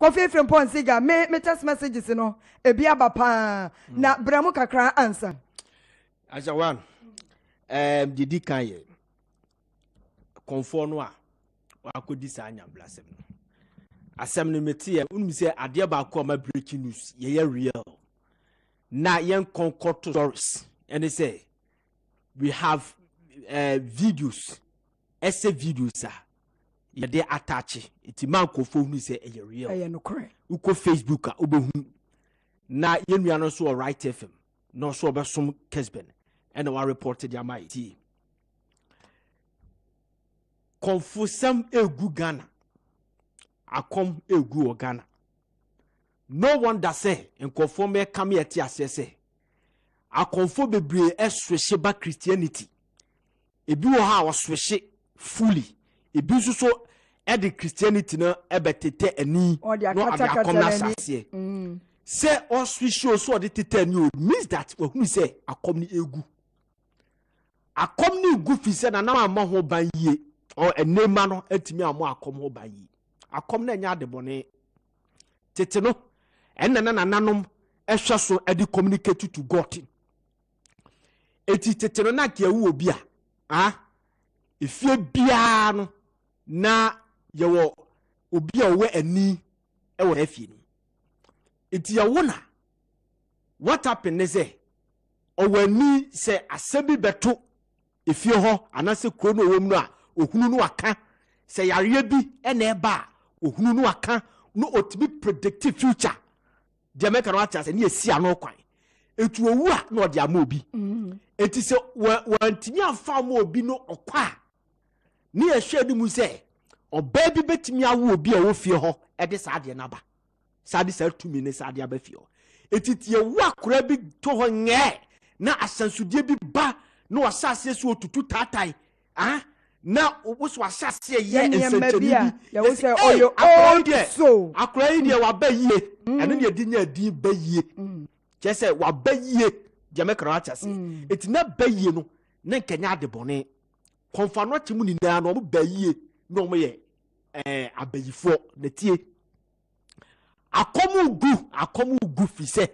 kofi frimpon siga me me text messages no ebi eh, aba paa na hmm. brɛ kakra ansa asa didi kan yɛ kɔnfoɔ no a wakɔdi saa nyablasɛm no asɛm no mete yɛ wonim sɛ adeɛ baako a ma breaking news yɛyɛ real na yɛnkɔnkɔ to stories ɛne sɛ we have uh, videos ɛsɛ videos a yɛde ataakye nti maa nkurɔfoɔ hunu sɛ ɛyɛ real ɛyɛ nokorɛ wokɔ facebook a wobɛhu na yɛn nua no nso wɔ right fm na ɔso ɔbɛsom kesben ɛna wareport de ama yɛtie kɔmfosɛm egu ghana akɔm egu wɔ ghana no wonder sɛ nkurɔfoɔ mɛka me yɛte aseɛ sɛ akɔmfoɔ bebree ɛsohye ba christianity ebi wɔ hɔ a wɔsohye fully ebi nso so ɛde christianity no tete ani na ɔde akɔm na asaseɛ mm. sɛ ɔswihyi o so ɔde tete ani o means that wahunu sɛ akɔm no egu akɔm no egu fi sɛ nanam ama ho ban yie ɔ ɛnɛɛma no etumi ama akɔm ho ban yie akɔm na ɛnyɛ adebɔne tete no ɛnna na nananom ɛhwɛ so ɛde communicate to god eti tete no na kea ewu obi a ah efie biara no. na yɛwɔ obi a ɔwɔ ani wɔ n'afie no nti yɛwo na what happen ne sɛ ɔwɔ ani sɛ asɛ bi bɛto efie hɔ anaasɛ kuro no ɔwɔ mu no a ohunu no aka sɛ yareɛ bi na ɛba a ohunu no aka na otumi predictive future deɛ mɛka no ate asɛ ne esi ano kwan etu owu a na ɔde ama obi mm-hmm. eti sɛ wɔntumi afa ama obi no ɔkɔ a. ne yɛhwɛ no mu sɛ ɔbaa bi bɛtumi awo obi a ɔwɔ fie hɔ de saa adeɛ no aba saa de saa tumi ne saa adeɛ aba fie hɔ ɛti tie wo akora bi to hɔ nyɛɛ na ahyɛnsodeɛ bi ba na ɔsaaseɛ so ɔtutu taatae ah na woso ahyɛaseɛ yɛ nsɛnkyɛnni bi ɛsi ɛyi akora yi deɛ akora yi deɛ waba yie mm. ɛno deɛ di nya di ba yie mm. kyerɛ sɛ waba yie deɛ mɛkara wa kyɛ se mm. ɛti na ba yie no ne nkɛnyɛ ade bɔnee kɔnfano akyi mu nyinaa na wɔn bɛyie na wɔn yɛ ɛɛ abɛyifoɔ na tie akɔmu gu akɔmu gu fi sɛ.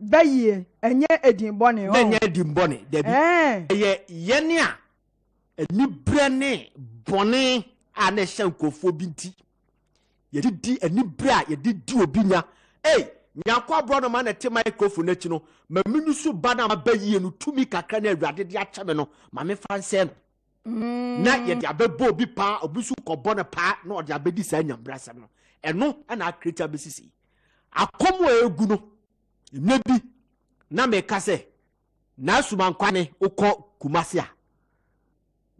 bɛyie ɛnyɛ edinbɔne hɔ ɛnyɛ edinbɔne dɛbi ɛyɛ yɛne a anibrɛ ne bɔne a na ɛhyɛ nkurɔfoɔ bi nti yɛde di anibrɛ a yɛde di obi nya ɛy nyakɔ aborɔ no ma na ɛte microphone n'akyi no maame nusu ba na ma bɛyie no tumi kakra na awurade de akyɛ me no maame fa nsɛn Mm. na yɛde abɛbɔ obi paa obi nso kɔbɔ no paa na ɔde abɛdi saa nyambrasɛm no ɛno ɛna akreta bɛsisi akɔm a ɛgu no nne bi na meka sɛ n'asumankwane wokɔ kumase a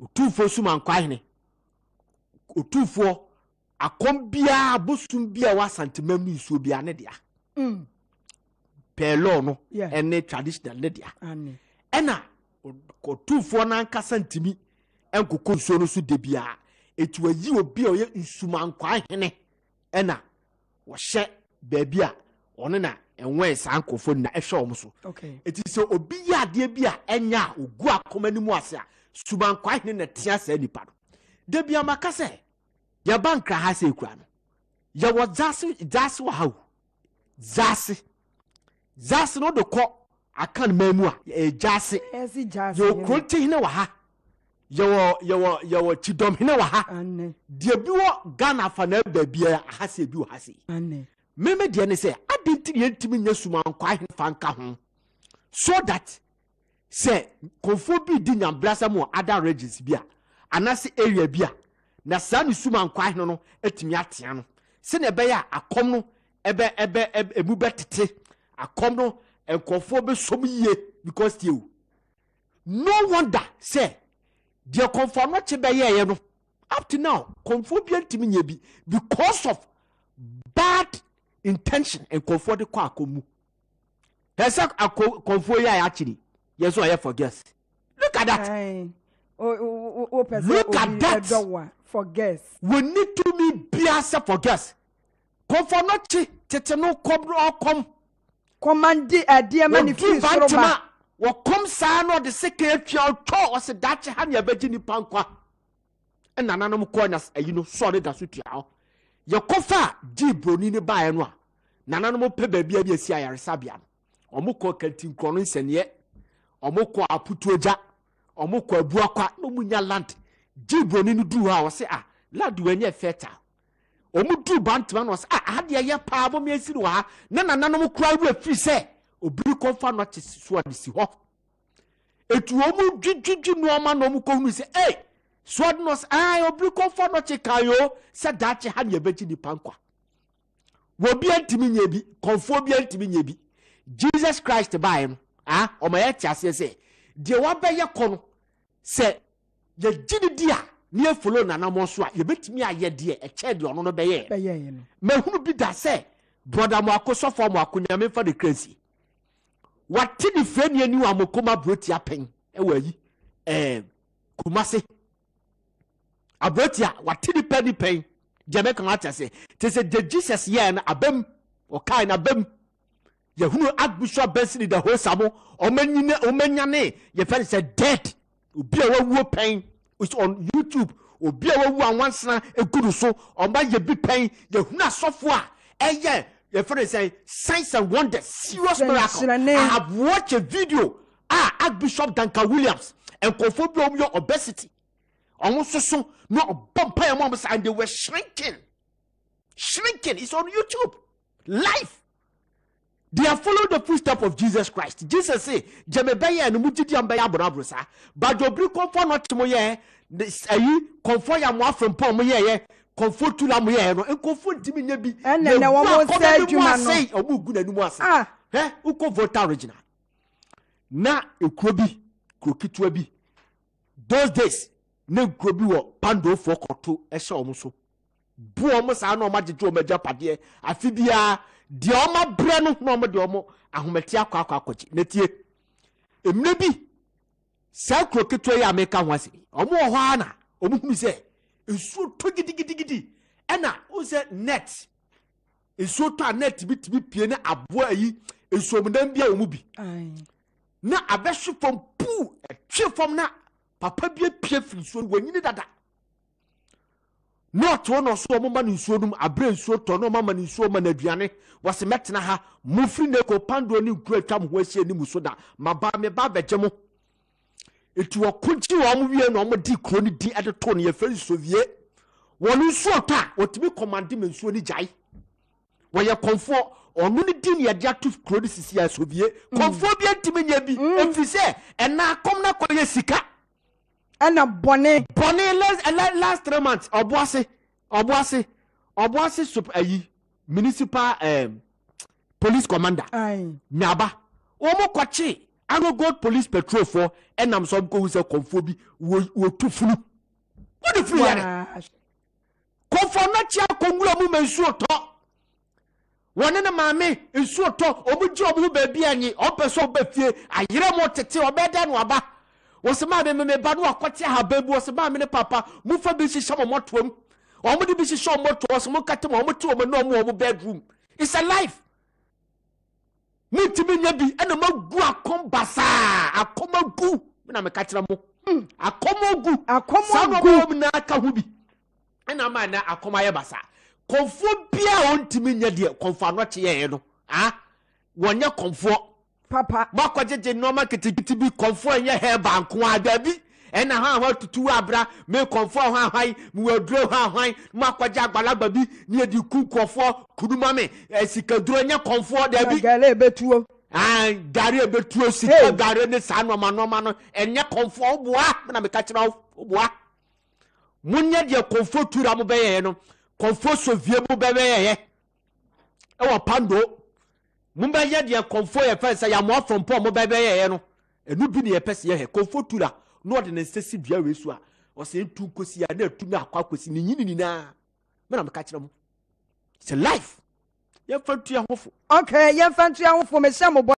otumfoɔ sumankwahene otumfoɔ akɔm biara bosom bi a wasantemam nsuo biara ne dea mm. pɛɛlɔɔ no ɛne traditional ne dea ɛna otumfoɔ ntumi nkokɔ nsuo no so de etu ayi obi a ɔyɛ nsumankwa hene ɛna wɔhyɛ beebi a ɔne na ɛnwɛn saa nkorofo na ɛhwɛ wɔn so etu sɛ obi yɛ adeɛ bi a ɛnya a ogu akoma no mu ase a sumankwa hene na tea sɛ nipa no debi amaka sɛ yɛba nkra ha sɛ ekura no yɛwɔ zaase zaase wɔ ha o zaase zaase no de kɔ akan mɛmu a ɛyɛ gyaase yɛwɔ kuro tihene wɔ ha. yɛwɔ yɛwɔ yɛwɔ kyidɔmhene wɔ ha deɛ bi wɔ ghana afa na ɛba biara ahase bi wɔ ha se meme deɛ ne sɛ adi nti na yɛntumi nyɛ sumankɔ ahene fa ho so that sɛ kɔnfoɔ bi di nyambrasa mu wɔ ada regis bi a anaasɛ area bi a na saa ne sumankɔ ahene no atumi atea no sɛnea ɛbɛyɛ a akɔm no ɛbɛ ɛbɛ ɛmu bɛtete akɔm no nkɔfoɔ bɛsɔm yie because tiɛ o no wonder sɛ deɛ kɔnfoɔ no kye bɛyɛɛyɛ no up to now kɔnfoɔ bi ntumi nyɛ bi because of bad intention nkɔnfoɔ de kɔ akɔ mu ɛsɛ akɔ kɔnfoɔ yi a yɛakyiri yɛn nso ɔyɛ for girls look at that Aye. o o pɛ sɛ obi ɛdɔ wa for girls. wɔn ni tumi bia sɛ for girls kɔnfoɔ no kye tete no kɔm ɔkɔm. kɔmandi ɛdiɛ mɛ ni fi soro ma. wɔkɔm saa na ɔde sika atwa ɔtɔ ɔsɛ dakye ha nea abegye nipa nkwa ɛna nananom kɔɔ na ayi no sɔɔ da so tua hɔ yɛkɔfa a gye broni ne baeɛ no a nananom pɛ baabi a bi esi ayaresabea no ɔmo kɔɔ kantinkorɔ no nsɛnneɛ ɔmo kɔɔ aputuogya ɔmo kɔɔ abuakwa na ɔmo nya land gye broni no duru hɔ a ɔsɛ a ah, land wɔ nyɛ fɛta ɔmo duru bantama na ɔsɛ a ah, adeɛ yɛ paa bɔ mi esi no wɔ ha na nananom kura wura firi sɛ obi kɔmfa notice so a ne si hɔ etu wɔn dwidwidwi nneɛma na wɔn kɔ hunu sɛ ɛy soɔde nɔs ɛɛ obi kɔmfa nɔkye kan yi o sɛ daakye ha nea ɛbɛgye nipa nkwa wɔ bia ntumi nye bi kɔnfoɔ bia ntumi nye bi jesus christ baeɛ no a ɔmo yɛ te aseɛ sɛ deɛ wabɛyɛ kɔ no sɛ yɛgye ne di a ne yɛ folo nanamɔ so a yɛbɛtumi ayɛ deɛ ɛkyɛ deɛ ɔno no bɛyɛ mɛhunu bi da sɛ brɔda mo akosɔfo mo akonyame fa de kransi wate ne fɛ ne ani wɔ amokoma aburoti apɛn ɛwɔ ayi ɛɛ kumase aburoti a wate ne pɛ ne pɛn gyɛmɛ kan ate ase te sɛ de jesus yɛɛ no abɛm na no abɛm yɛhunu agbusua bɛnsini da hɔ samu ɔmɛnyine ɔmɛnyane yɛfɛ ne sɛ dead obi a wawuo pɛn it's on youtube obi a wawu anwansana egu do so ɔmba yɛ bi pɛn yɛhunu asɔfo a ɛyɛ. E yɛfrɛ sɛ "Science and wonders serious miracle i have watched a video Ah, archbishop duncan williams nkɔfoɔ bi a wɔn yɛ obesity wɔn soso na ɔbɔ mpaeɛ mu a wɔn sa and they were shrinking shrinking it's on youtube live they are following the footsteps of jesus christ jesus say jẹmẹ bẹyẹ ẹni mu jíjí ẹni bẹyẹ abọdabọdọ sa bàjọ obìnrin kọfọ náà ti mu yẹ ẹyí kọfọ yà mu afẹ mpọ yẹ yẹ. nkɔfoɔ tula lamu yɛ no nkɔfoɔ ntumi nye bi ɛnna na wɔn nsa adwuma no ɛwura ɔmo gu ase hɛ ah. eh? na ekuro bi kuro ketewa bi those days na nkuro bi wɔ kɔto ɛhyɛ so bu saa na ɔmo agyegye agya padeɛ afi biara deɛ abrɛ no na ɔmo deɛ ɔmo ahomete akɔ akɔ akɔgye n'etie emine bi saa kuro ketewa yi a meka ho ase ɔmo wɔ hɔ nsuo tɔ gidigidigidi ɛna o sɛ net nsuo tɔ a net bi ti pie ne aboa yi nsuomudan bi a wɔn mu bi na abɛhwe fam puu ɛtwe fam na papa bi apue firi nsuo no wɔnyini dada na ɔte hɔ na ɔso ɔmo ma no nsuo no mu abere nsuo tɔ na ɔmo ama no nsuo ma no aduane wɔsi mɛtena ha mo na eko pandoro ne nkuro atwa mo ho ahyia ne mu so da ma ba me ba abɛgye mo nti wɔkogye wɔn wie na wɔde kuro no di de to no yɛfɛ nsovie wɔn nsuo tɔ a wɔtumi kɔmande ma nsuo no gyae wɔyɛ kɔnfoɔ ɔno ne di ne yɛde ato kuro no sisi asovie kɔnfoɔ mm. bi ntumi nyɛ bi mm. efi sɛ ɛna akɔm na kɔyɛ sika ɛna bɔne bɔne last last three months ɔboase ɔboase ɔboase sup ayi eh, municipal ɛɛ eh, police commander nyaba wɔn kɔkye agogod police patrol patrolfoɔ ɛnam sɛ ɔmkɔhu sɛ kɔmfoɔ bi wɔtu funu wode funu yɛre kɔmfoɔ no kyia kɔnwura mu ma nsuo tɔ wɔne ne maame nsuo tɔ ɔmogye ɔmo ho baabi anyi ɔmpɛ sɛ ɔba fie ayerɛ mu tete ɔbɛda no aba wɔsɛ maame meme ba no wakɔte ahaban bi wɔsɛ maame ne papa mofa bi hyehyɛ mɔ mmɔtoam ɔmode bi hyehyɛ ɔmmɔtoɔ sɛ mokate ma ɔmote ɔmo ne ɔmo wɔ mo bedroom it's a life mutumi nya bi ɛna ma gu akɔm basaa gu, agu na meka kyerɛ mo hmm. akɔm agu akɔm agu saa na aka ho bi ɛna ma na akɔm ayɛ basaa kɔnfoɔ bia a ɔntumi nya deɛ kɔnfoɔ anɔkye yɛɛ no ah wɔnyɛ kɔnfoɔ papa mo akɔgyegye nneɛma kitikiti bi kɔnfoɔ nyɛ hɛɛ baako a daabi ɛna hɔn a wɔtutu abra mi nkɔmfoɔ hɔn ahwan mi wɔduro hɔn ahwan mi akɔgye agbalagba bi ni e edi ku nkɔfoɔ kuduma mi ɛsikaduro nye kɔmfoɔ dɛbi. gale ebetuo. ɛn gari ebetuo sika gari ne saa nɔɔma nɔɔma no ɛnyɛ kɔmfoɔ ɔboa ɛna mi ka kyerɛ ɔboa mo nyɛ deɛ kɔmfoɔ tura mo bɛyɛ yɛ no kɔmfoɔ sovie mo bɛyɛ yɛ ɛwɔ e pando mo bɛyɛ deɛ kɔmfoɔ yɛ fɛn sɛ yamoa fɔmpɔ mo bɛyɛ yɛ no enu bi ne yɛ pɛ si yɛ hɛ kɔmfoɔ tura na ɔde ne nsa si dua wei so a ɔsɛ etu kosi a na etu na akɔ akosi ne nyini nyinaa mena meka kyerɛ It's a life yɛmfa ntua hofo ok yɛmfa ntua hofo mehyɛ mo bɔ